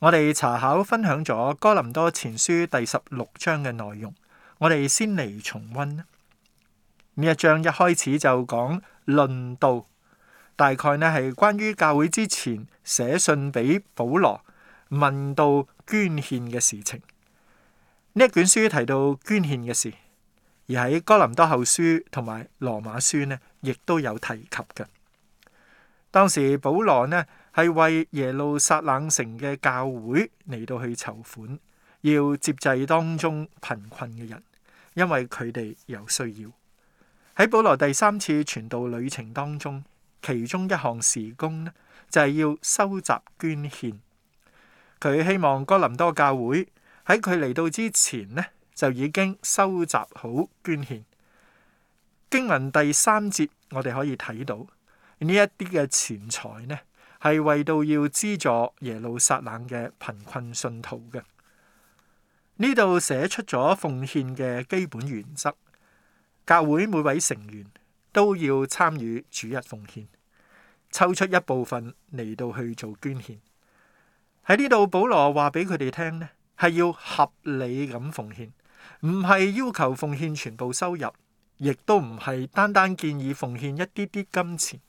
我哋查考分享咗哥林多前書第十六章嘅內容，我哋先嚟重温呢一章一開始就講論道，大概呢係關於教會之前寫信俾保羅問到捐獻嘅事情。呢一卷書提到捐獻嘅事，而喺哥林多後書同埋羅馬書呢，亦都有提及嘅。當時保羅呢，係為耶路撒冷城嘅教會嚟到去籌款，要接濟當中貧困嘅人，因為佢哋有需要。喺保羅第三次傳道旅程當中，其中一項事工呢，就係要收集捐獻。佢希望哥林多教會喺佢嚟到之前呢，就已經收集好捐獻。經文第三節，我哋可以睇到呢一啲嘅錢財呢。係為到要資助耶路撒冷嘅貧困信徒嘅，呢度寫出咗奉獻嘅基本原則。教會每位成員都要參與主日奉獻，抽出一部分嚟到去做捐獻。喺呢度保羅話俾佢哋聽呢，係要合理咁奉獻，唔係要求奉獻全部收入，亦都唔係單單建議奉獻一啲啲金錢。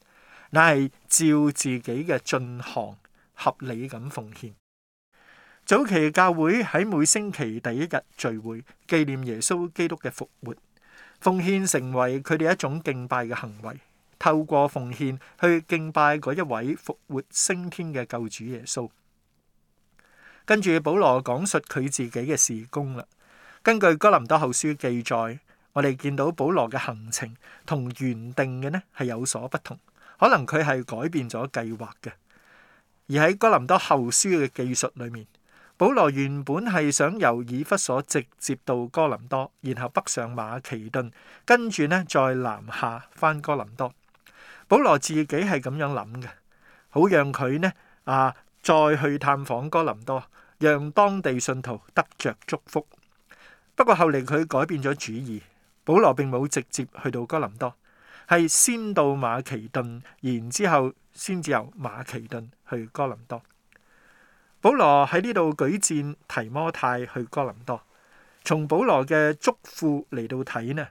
乃係照自己嘅進項，合理咁奉獻。早期嘅教會喺每星期第一日聚會，紀念耶穌基督嘅復活，奉獻成為佢哋一種敬拜嘅行為。透過奉獻去敬拜嗰一位復活升天嘅救主耶穌。跟住保羅講述佢自己嘅事工啦。根據哥林多後書記載，我哋見到保羅嘅行程同原定嘅呢係有所不同。可能佢係改變咗計劃嘅，而喺哥林多後書嘅技術裏面，保羅原本係想由以弗所直接到哥林多，然後北上馬其頓，跟住咧再南下返哥林多。保羅自己係咁樣諗嘅，好讓佢咧啊再去探訪哥林多，讓當地信徒得着祝福。不過後嚟佢改變咗主意，保羅並冇直接去到哥林多。係先到馬其頓，然之後先至由馬其頓去哥林多。保羅喺呢度舉薦提摩太去哥林多。從保羅嘅囑咐嚟到睇呢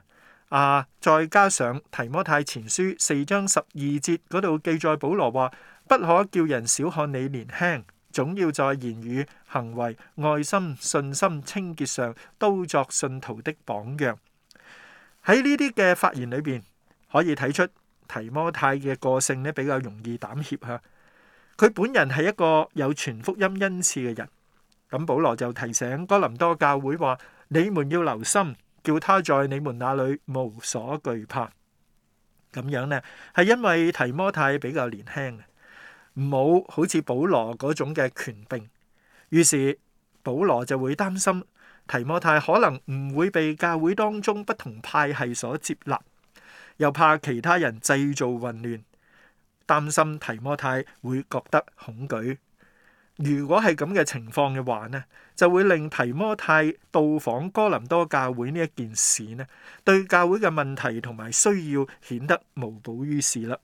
啊，再加上提摩太前書四章十二節嗰度記載，保羅話不可叫人小看你年輕，總要在言語、行為、愛心、信心、清潔上都作信徒的榜樣。喺呢啲嘅發言裏邊。可以睇出提摩太嘅個性呢比較容易膽怯嚇。佢本人係一個有傳福音恩賜嘅人，咁保羅就提醒哥林多教會話：你們要留心，叫他在你們那裏無所懼怕。咁樣呢，係因為提摩太比較年輕，冇好似保羅嗰種嘅權柄，於是保羅就會擔心提摩太可能唔會被教會當中不同派系所接納。又怕其他人製造混亂，擔心提摩太會覺得恐懼。如果係咁嘅情況嘅話咧，就會令提摩太到訪哥林多教會呢一件事咧，對教會嘅問題同埋需要顯得無補於事嘞。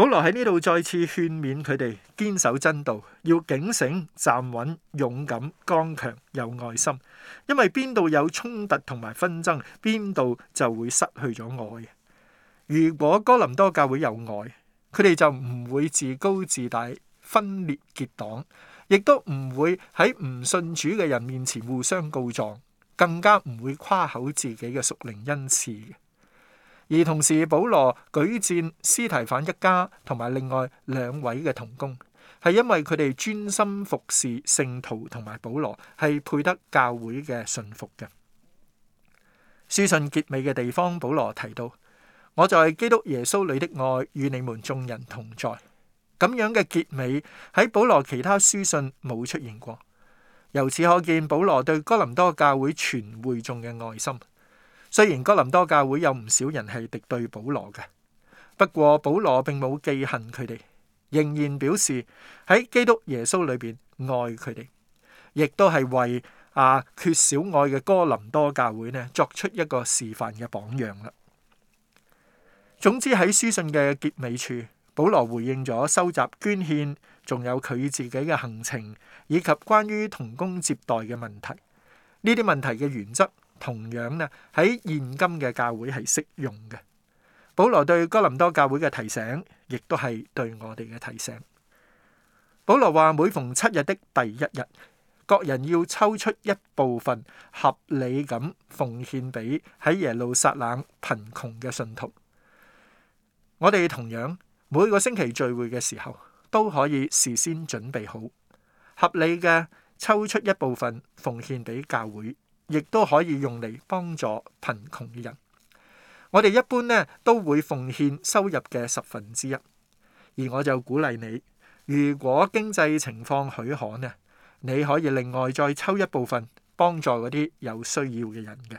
保羅喺呢度再次勸勉佢哋堅守真道，要警醒、站穩、勇敢、剛強、有愛心。因為邊度有衝突同埋紛爭，邊度就會失去咗愛。如果哥林多教會有愛，佢哋就唔會自高自大、分裂結黨，亦都唔會喺唔信主嘅人面前互相告狀，更加唔會誇口自己嘅屬靈恩賜。而同時，保羅舉薦司提反一家同埋另外兩位嘅同工，係因為佢哋專心服侍聖徒同埋保羅，係配得教會嘅信服嘅。書信結尾嘅地方，保羅提到：我在基督耶穌裏的愛與你們眾人同在。咁樣嘅結尾喺保羅其他書信冇出現過，由此可見保羅對哥林多教會全會眾嘅愛心。雖然哥林多教會有唔少人係敵對保羅嘅，不過保羅並冇記恨佢哋，仍然表示喺基督耶穌裏邊愛佢哋，亦都係為啊缺少愛嘅哥林多教會呢作出一個示範嘅榜樣啦。總之喺書信嘅結尾處，保羅回應咗收集捐獻，仲有佢自己嘅行程以及關於同工接待嘅問題呢啲問題嘅原則。同樣咧喺現今嘅教會係適用嘅。保羅對哥林多教會嘅提醒，亦都係對我哋嘅提醒。保羅話：每逢七日的第一日，各人要抽出一部分合理咁奉獻俾喺耶路撒冷貧窮嘅信徒。我哋同樣每個星期聚會嘅時候，都可以事先準備好，合理嘅抽出一部分奉獻俾教會。亦都可以用嚟幫助貧窮嘅人。我哋一般呢都會奉獻收入嘅十分之一，而我就鼓勵你，如果經濟情況許可呢，你可以另外再抽一部分幫助嗰啲有需要嘅人嘅。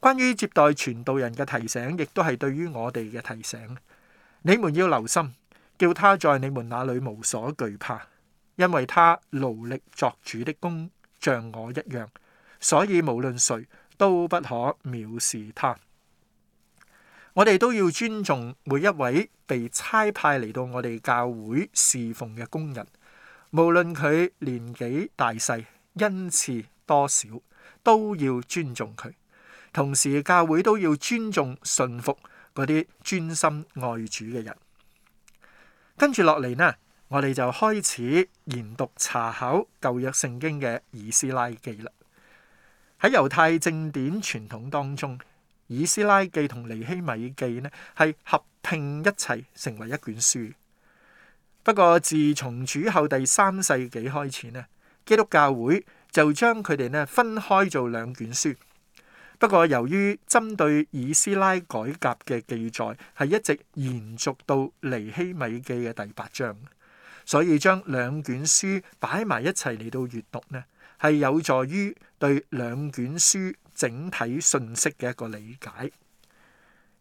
關於接待傳道人嘅提醒，亦都係對於我哋嘅提醒。你們要留心，叫他在你們那裏無所懼怕，因為他勞力作主的工像我一樣。所以無論誰都不可藐視他。我哋都要尊重每一位被差派嚟到我哋教會侍奉嘅工人，無論佢年紀大細，恩賜多少，都要尊重佢。同時教會都要尊重信服嗰啲專心愛主嘅人。跟住落嚟呢，我哋就開始研讀查考舊約聖經嘅以斯拉記啦。喺猶太正典傳統當中，《以斯拉記》同《尼希米記》呢係合併一齊成為一卷書。不過，自從主後第三世紀開始呢，基督教會就將佢哋呢分開做兩卷書。不過，由於針對以斯拉改革嘅記載係一直延續到尼希米記嘅第八章，所以將兩卷書擺埋一齊嚟到閱讀呢，係有助於對兩卷書整體信息嘅一個理解。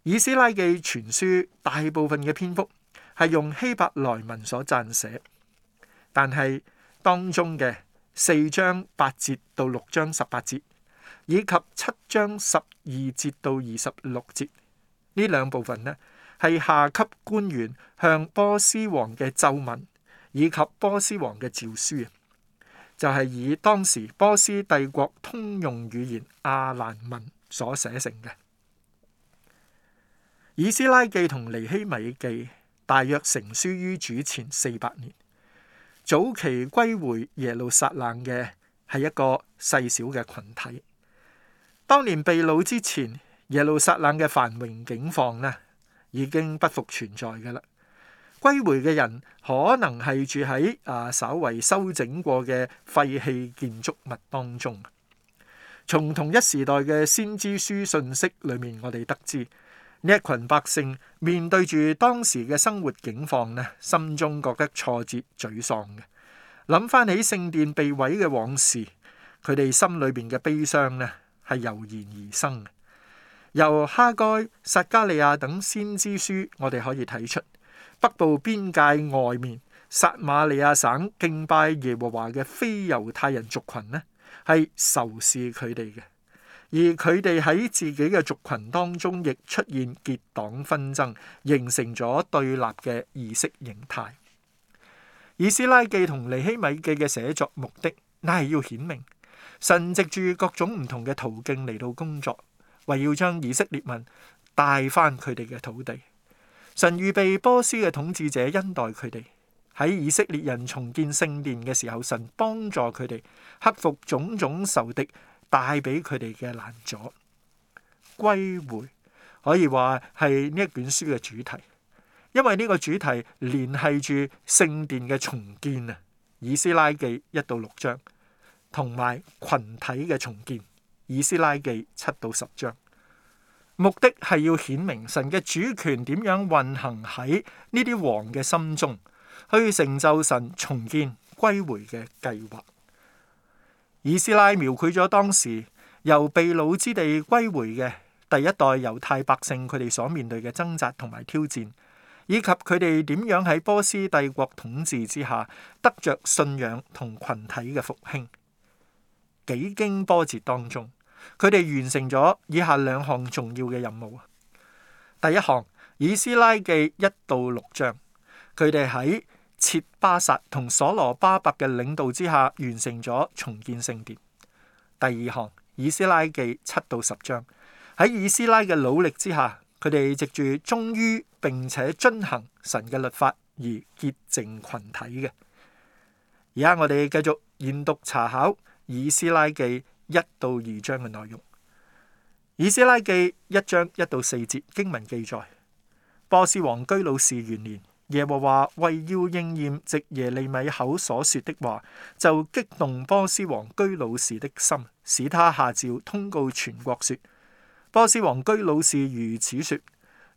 以斯拉記全書大部分嘅篇幅係用希伯來文所撰寫，但係當中嘅四章八節到六章十八節，以及七章十二節到二十六節呢兩部分呢，係下級官員向波斯王嘅奏文，以及波斯王嘅詔書啊。就係以當時波斯帝國通用語言亞蘭文所寫成嘅《以斯拉記》同《尼希米記》，大約成書於主前四百年。早期歸回耶路撒冷嘅係一個細小嘅群體。當年被擄之前，耶路撒冷嘅繁榮景況呢，已經不復存在嘅啦。歸回嘅人可能係住喺啊，稍為修整過嘅廢棄建築物當中。從同一時代嘅先知書信息裏面，我哋得知呢一群百姓面對住當時嘅生活境況咧，心中覺得得挫折沮喪嘅。諗翻起聖殿被毀嘅往事，佢哋心裏邊嘅悲傷咧係油然而生。由哈該、撒迦利亞等先知書，我哋可以睇出。北部邊界外面，撒瑪利亞省敬拜耶和華嘅非猶太人族群呢，係仇視佢哋嘅；而佢哋喺自己嘅族群當中，亦出現結黨紛爭，形成咗對立嘅意識形態。以斯拉記同尼希米記嘅寫作目的，乃係要顯明神藉住各種唔同嘅途徑嚟到工作，為要將以色列民帶翻佢哋嘅土地。神預備波斯嘅統治者恩待佢哋，喺以色列人重建聖殿嘅時候，神幫助佢哋克服種種仇敵帶俾佢哋嘅難阻，歸回可以話係呢一卷書嘅主題，因為呢個主題聯繫住聖殿嘅重建啊，《以斯拉記》一到六章，同埋群體嘅重建，《以斯拉記》七到十章。目的係要顯明神嘅主權點樣運行喺呢啲王嘅心中，去成就神重建歸回嘅計劃。以斯拉描繪咗當時由被擄之地歸回嘅第一代猶太百姓，佢哋所面對嘅掙扎同埋挑戰，以及佢哋點樣喺波斯帝國統治之下得着信仰同群體嘅復興。幾經波折當中。佢哋完成咗以下兩項重要嘅任務啊！第一項，《以斯拉記》一到六章，佢哋喺切巴薩同所羅巴伯嘅領導之下，完成咗重建聖殿。第二項，《以斯拉記》七到十章，喺以斯拉嘅努力之下，佢哋藉住忠於並且遵行神嘅律法而結成群體嘅。而家我哋繼續研讀查考《以斯拉記》。一到二章嘅內容，《以斯拉記》一章一到四節經文記載：波斯王居魯士元年，耶和華為要應驗藉耶利米口所說的話，就激動波斯王居魯士的心，使他下詔通告全國說：波斯王居魯士如此說：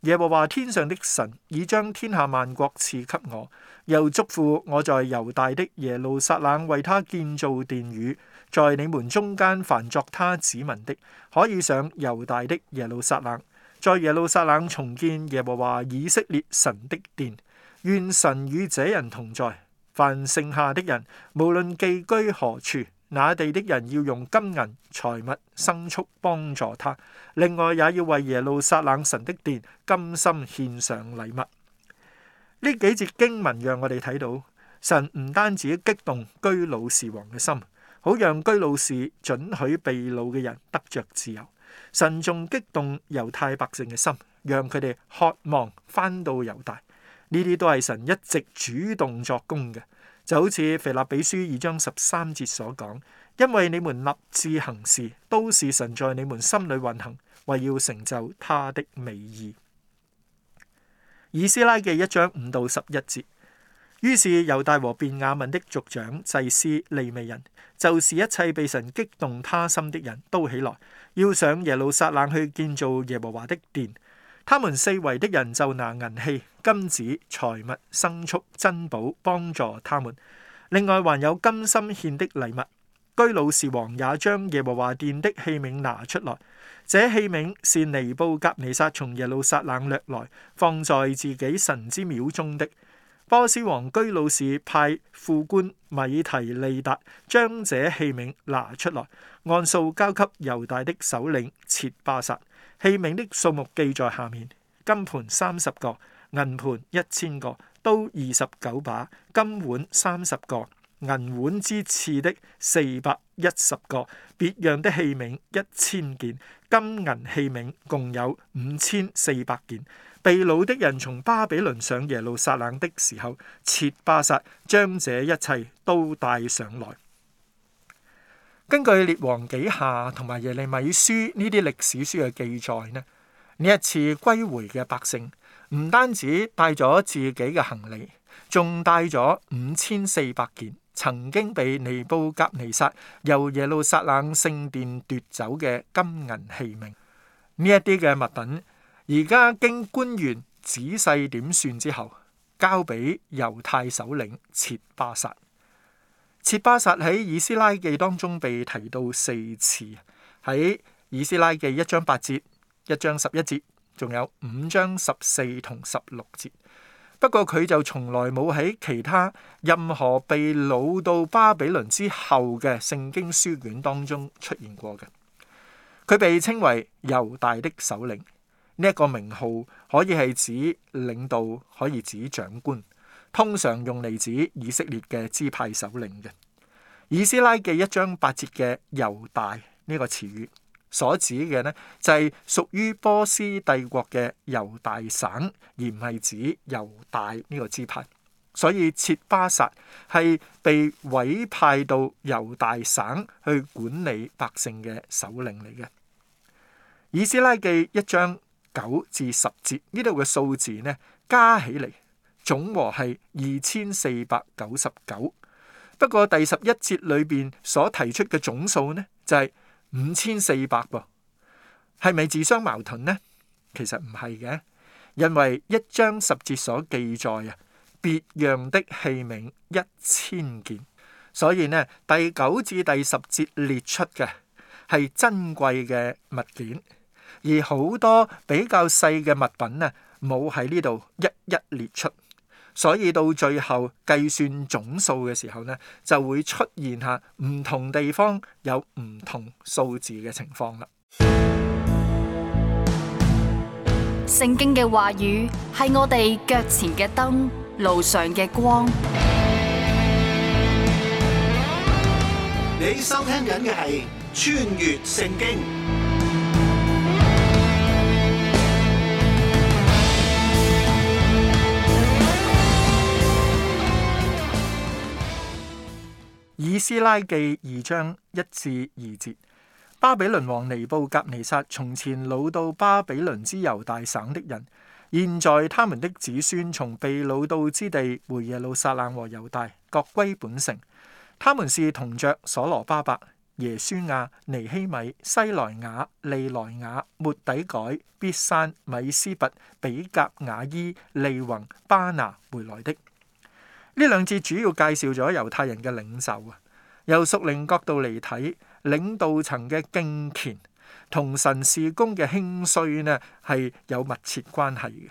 耶和華天上的神已將天下萬國賜給我，又囑咐我在猶大的耶路撒冷為他建造殿宇。在你們中間凡作他子民的，可以上猶大的耶路撒冷，在耶路撒冷重建耶和華以色列神的殿。願神與這人同在。凡剩下的人，無論寄居何處，那地的人要用金銀財物、牲畜幫助他。另外也要為耶路撒冷神的殿甘心獻上禮物。呢幾節經文讓我哋睇到神唔單止激動居魯士王嘅心。好讓居魯士准許被擄嘅人得着自由，神仲激動猶太百姓嘅心，讓佢哋渴望返到猶大，呢啲都係神一直主動作工嘅，就好似腓立比書二章十三節所講，因為你們立志行事，都是神在你們心裏運行，為要成就他的美意。以斯拉嘅一章五到十一節。於是猶大和便雅憫的族長、祭司利未人，就是一切被神激動他心的人都起來，要上耶路撒冷去建造耶和華的殿。他們四圍的人就拿銀器、金子、財物、牲畜、珍寶幫助他們。另外還有甘心獻的禮物。居魯士王也將耶和華殿的器皿拿出來，這器皿是尼布甲尼撒從耶路撒冷掠來，放在自己神之廟中的。波斯王居魯士派副官米提利達將這器皿拿出來，按數交給猶大的首領切巴撒。器皿的數目記在下面：金盤三十個，銀盤一千個，刀二十九把，金碗三十個。銀碗之次的四百一十個別樣的器皿一千件，金銀器皿共有五千四百件。被擄的人從巴比倫上耶路撒冷的時候，設巴薩將這一切都帶上來。根據列王紀下同埋耶利米書呢啲歷史書嘅記載呢，呢一次歸回嘅百姓唔單止帶咗自己嘅行李，仲帶咗五千四百件。曾經被尼布甲尼撒由耶路撒冷聖殿奪走嘅金銀器皿，呢一啲嘅物品，而家經官員仔細點算之後，交俾猶太首領切巴薩。切巴薩喺以斯拉記當中被提到四次，喺以斯拉記一章八節、一章十一節，仲有五章十四同十六節。不過佢就從來冇喺其他任何被擄到巴比倫之後嘅聖經書卷當中出現過嘅。佢被稱為猶大的首領呢一個名號可以係指領導，可以指長官，通常用嚟指以色列嘅支派首領嘅。以斯拉記一章八節嘅猶大呢個詞語。所指嘅呢就係屬於波斯帝國嘅猶大省，而唔係指猶大呢個支派。所以切巴薩係被委派到猶大省去管理百姓嘅首領嚟嘅。以斯拉記一章九至十節呢度嘅數字呢，加起嚟總和係二千四百九十九。不過第十一節裏邊所提出嘅總數呢，就係、是五千四百噃，係咪自相矛盾呢？其實唔係嘅，因為一章十節所記載啊，別樣的器皿一千件，所以呢，第九至第十節列出嘅係珍貴嘅物件，而好多比較細嘅物品呢，冇喺呢度一一列出。所以到最後計算總數嘅時候呢，就會出現下唔同地方有唔同數字嘅情況啦。聖經嘅話語係我哋腳前嘅燈，路上嘅光。你收聽緊嘅係穿越聖經。以斯拉記二章一至二節：巴比倫王尼布甲尼撒從前老到巴比倫之猶大省的人，現在他們的子孫從被老到之地回耶路撒冷和猶大各歸本城。他們是同着所羅巴伯、耶書亞、尼希米、西萊雅、利萊雅、末底改、必山、米斯拔、比格雅伊、利宏、巴拿回來的。呢兩節主要介紹咗猶太人嘅領袖啊，由屬靈角度嚟睇，領導層嘅敬虔同神事工嘅興衰呢係有密切關係嘅。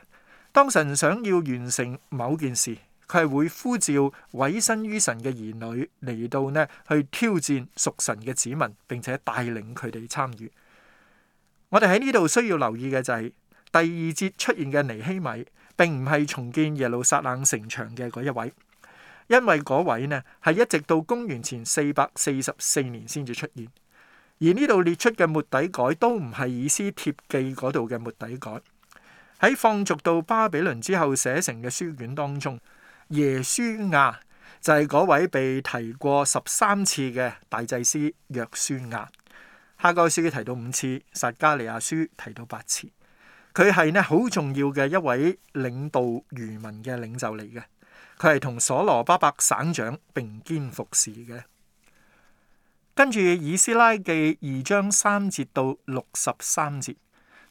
當神想要完成某件事，佢係會呼召委身於神嘅兒女嚟到呢去挑戰屬神嘅子民，並且帶領佢哋參與。我哋喺呢度需要留意嘅就係，第二節出現嘅尼希米並唔係重建耶路撒冷城牆嘅嗰一位。因為嗰位呢係一直到公元前四百四十四年先至出現，而呢度列出嘅末底改都唔係以斯帖記嗰度嘅末底改。喺放逐到巴比倫之後寫成嘅書卷當中，耶書亞就係嗰位被提過十三次嘅大祭司約書亞，哈該書提到五次，撒加利亞書提到八次，佢係呢好重要嘅一位領導漁民嘅領袖嚟嘅。佢係同所羅巴伯省長並肩服侍嘅。跟住《以斯拉記》二章三節到六十三節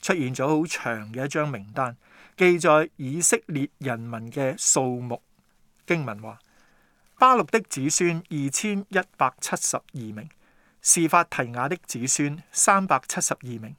出現咗好長嘅一張名單，記載以色列人民嘅數目。經文話：巴錄的子孫二千一百七十二名，示法提雅的子孫三百七十二名，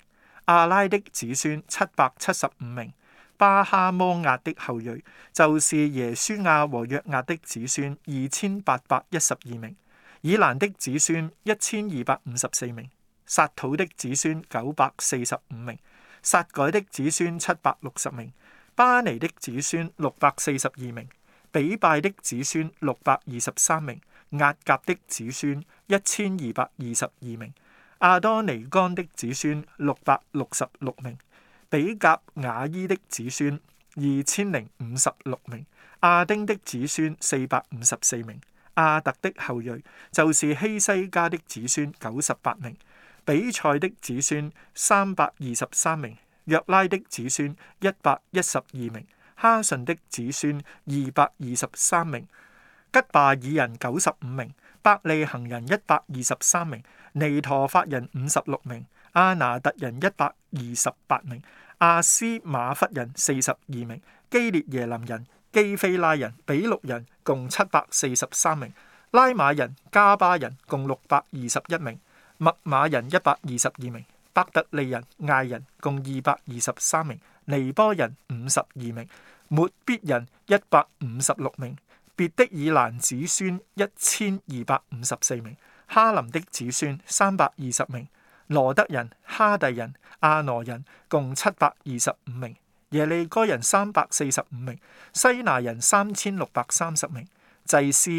亞拉的子孫七百七十五名。巴哈摩亞的後裔就是耶書亞和約押的子孫二千八百一十二名，以蘭的子孫一千二百五十四名，撒土的子孫九百四十五名，撒改的子孫七百六十名，巴尼的子孫六百四十二名，比拜的子孫六百二十三名，押甲的子孫一千二百二十二名，阿多尼干的子孫六百六十六名。比格瓦伊的子孫二千零五十六名，阿丁的子孫四百五十四名，阿特的後裔就是希西家的子孫九十八名，比賽的子孫三百二十三名，約拉的子孫一百一十二名，哈順的子孫二百二十三名，吉巴爾人九十五名，伯利行人一百二十三名，尼陀法人五十六名。阿拿特人一百二十八名，阿斯馬弗人四十二名，基列耶林人、基非拉人、比錄人共七百四十三名，拉馬人、加巴人共六百二十一名，墨馬人一百二十二名，伯特利人、艾人共二百二十三名，尼波人五十二名，末必人一百五十六名，別的以蘭子孫一千二百五十四名，哈林的子孫三百二十名。羅德人、哈第人、阿挪人共七百二十五名，耶利哥人三百四十五名，西拿人三千六百三十名，祭司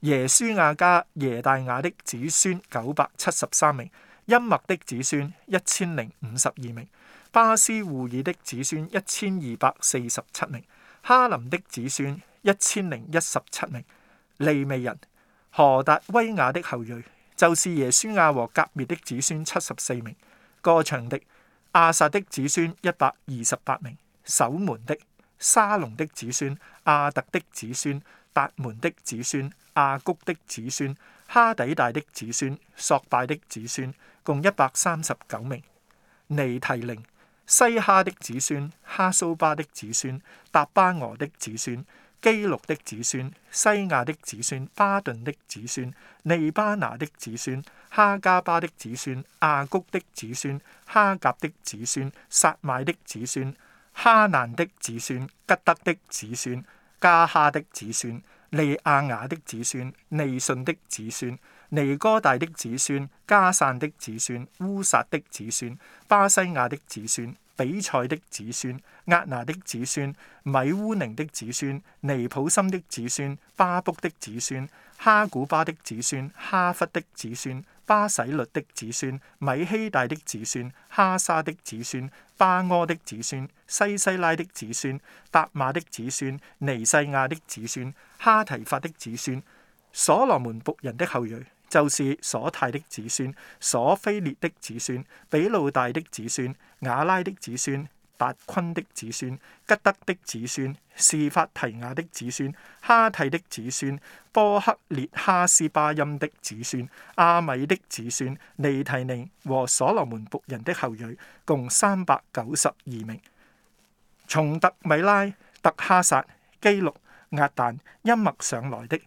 耶書亞家耶大雅的子孫九百七十三名，音麥的子孫一千零五十二名，巴斯胡爾的子孫一千二百四十七名，哈林的子孫一千零一十七名，利未人、何達威雅的後裔。就是耶書亞和甲篾的子孫七十四名，歌唱的亞薩的子孫一百二十八名，守門的沙龍的子孫、亞特的子孫、達門的子孫、亞谷的子孫、哈底大的子孫、索拜的子孫，共一百三十九名。尼提寧、西哈的子孫、哈蘇巴的子孫、達巴俄的子孫。基錄的子孫、西亞的子孫、巴頓的子孫、利巴拿的子孫、哈加巴的子孫、阿谷的子孫、哈甲的子孫、撒賣的子孫、哈難的子孫、吉德的子孫、加哈的子孫、利亞雅的子孫、尼順的子孫、尼哥大的子孫、加散的子孫、烏撒的子孫、巴西亞的子孫。比賽的子孫，押拿的子孫，米烏寧的子孫，尼普心的子孫，巴卜的子孫，哈古巴的子孫，哈忽的子孫，巴洗律的子孫，米希大的子孫，哈沙的子孫，巴柯的子孫，西西拉的子孫，答瑪的子孫，尼細亞的子孫，哈提法的子孫。所羅門僕人的後裔，就是瑣太的子孫，瑣斐列的子孫，比路大的子孫。雅拉的子孫、達昆的子孫、吉德的子孫、士法提亞的子孫、哈替的子孫、波克列哈斯巴音的子孫、阿米的子孫、尼提寧和所羅門僕人的後裔，共三百九十二名，從特米拉、特哈薩、基錄、亞但、音麥上來的，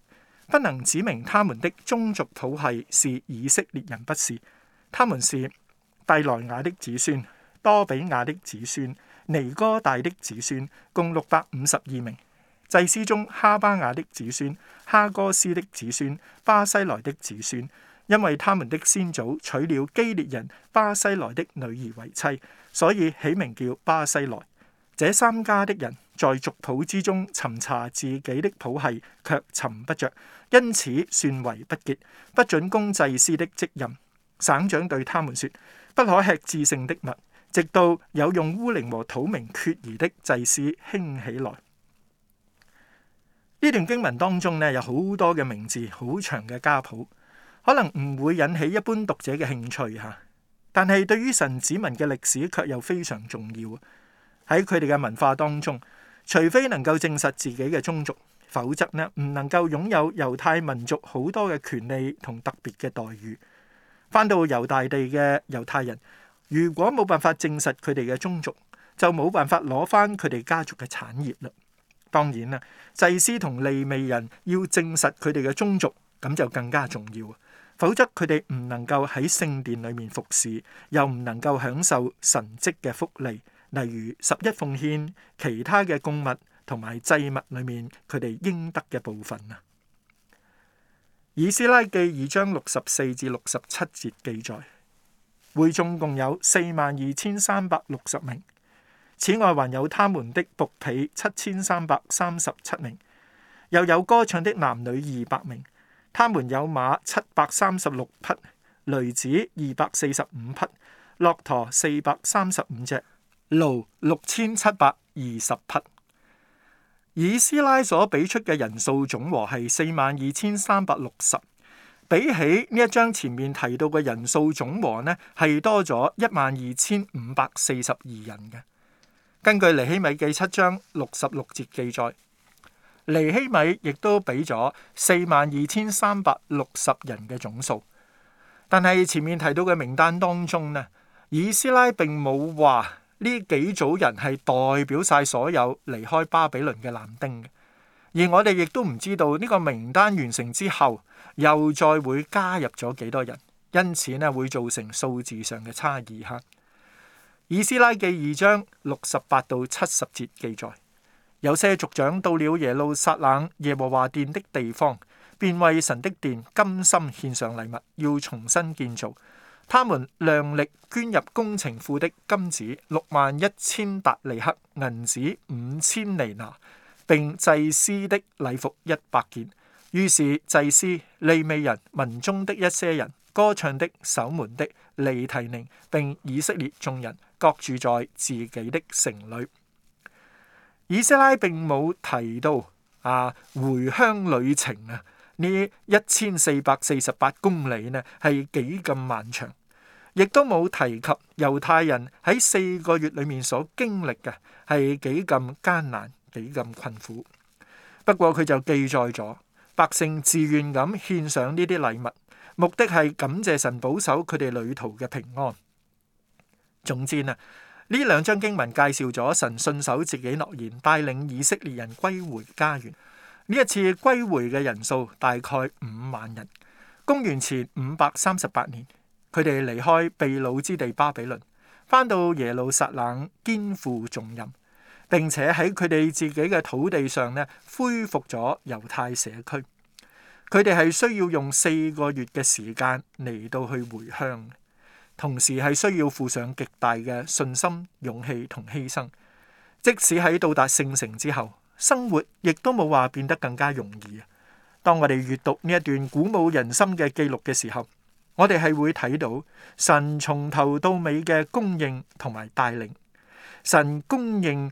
不能指明他們的宗族譜系是以色列人，不是，他們是第萊雅的子孫。多比亞的子孫、尼哥大的子孫共六百五十二名。祭司中，哈巴雅的子孫、哈哥斯的子孫、巴西萊的子孫，因為他們的先祖娶了基列人巴西萊的女兒為妻，所以起名叫巴西萊。這三家的人在族譜之中尋查自己的譜系，却尋不着，因此算為不潔，不准供祭司的職任。省長對他們說：不可吃至聖的物。直到有用烏陵和土明決疑的祭司興起來，呢段經文當中呢，有好多嘅名字、好長嘅家譜，可能唔會引起一般讀者嘅興趣嚇。但係對於神子民嘅歷史卻又非常重要。喺佢哋嘅文化當中，除非能夠證實自己嘅宗族，否則呢，唔能夠擁有猶太民族好多嘅權利同特別嘅待遇。翻到猶大地嘅猶太人。如果冇辦法證實佢哋嘅宗族，就冇辦法攞翻佢哋家族嘅產業啦。當然啦，祭司同利未人要證實佢哋嘅宗族，咁就更加重要。否則佢哋唔能夠喺聖殿裏面服侍，又唔能夠享受神蹟嘅福利，例如十一奉獻，其他嘅供物同埋祭物裏面佢哋應得嘅部分啊。以斯拉記二章六十四至六十七節記載。會眾共有四萬二千三百六十名，此外還有他們的僕婢七千三百三十七名，又有歌唱的男女二百名。他們有馬七百三十六匹，驢子二百四十五匹，駱駝四百三十五隻，驢六千七百二十匹。以斯拉所畀出嘅人數總和係四萬二千三百六十，比起呢一章前面提到嘅人數總和呢，係多咗一萬二千五百四十二人嘅。根據尼希米記七章六十六節記載，尼希米亦都俾咗四萬二千三百六十人嘅總數。但係前面提到嘅名單當中呢，以斯拉並冇話呢幾組人係代表晒所有離開巴比倫嘅男丁嘅，而我哋亦都唔知道呢個名單完成之後，又再會加入咗幾多人，因此咧會造成數字上嘅差異哈。以斯拉記二章六十八到七十節記載，有些族長到了耶路撒冷耶和華殿的地方，便為神的殿甘心獻上禮物，要重新建造。他們量力捐入工程庫的金子六萬一千達尼克，銀子五千尼拿，並祭司的禮服一百件。於是祭司、利未人、民中的一些人、歌唱的、守門的、利提寧，並以色列眾人各住在自己的城裡。以斯拉並冇提到啊回鄉旅程啊呢一千四百四十八公里呢係幾咁漫長，亦都冇提及猶太人喺四個月裡面所經歷嘅係幾咁艱難、幾咁困苦。不過佢就記載咗。百姓自願咁獻上呢啲禮物，目的係感謝神保守佢哋旅途嘅平安。總之啊，呢兩章經文介紹咗神信守自己諾言，帶領以色列人歸回家園。呢一次歸回嘅人數大概五萬人。公元前五百三十八年，佢哋離開被擄之地巴比倫，翻到耶路撒冷，肩負重任。並且喺佢哋自己嘅土地上咧，恢復咗猶太社區。佢哋係需要用四個月嘅時間嚟到去回鄉，同時係需要付上極大嘅信心、勇氣同犧牲。即使喺到達聖城之後，生活亦都冇話變得更加容易啊！當我哋閱讀呢一段鼓舞人心嘅記錄嘅時候，我哋係會睇到神從頭到尾嘅供應同埋帶領。神供應。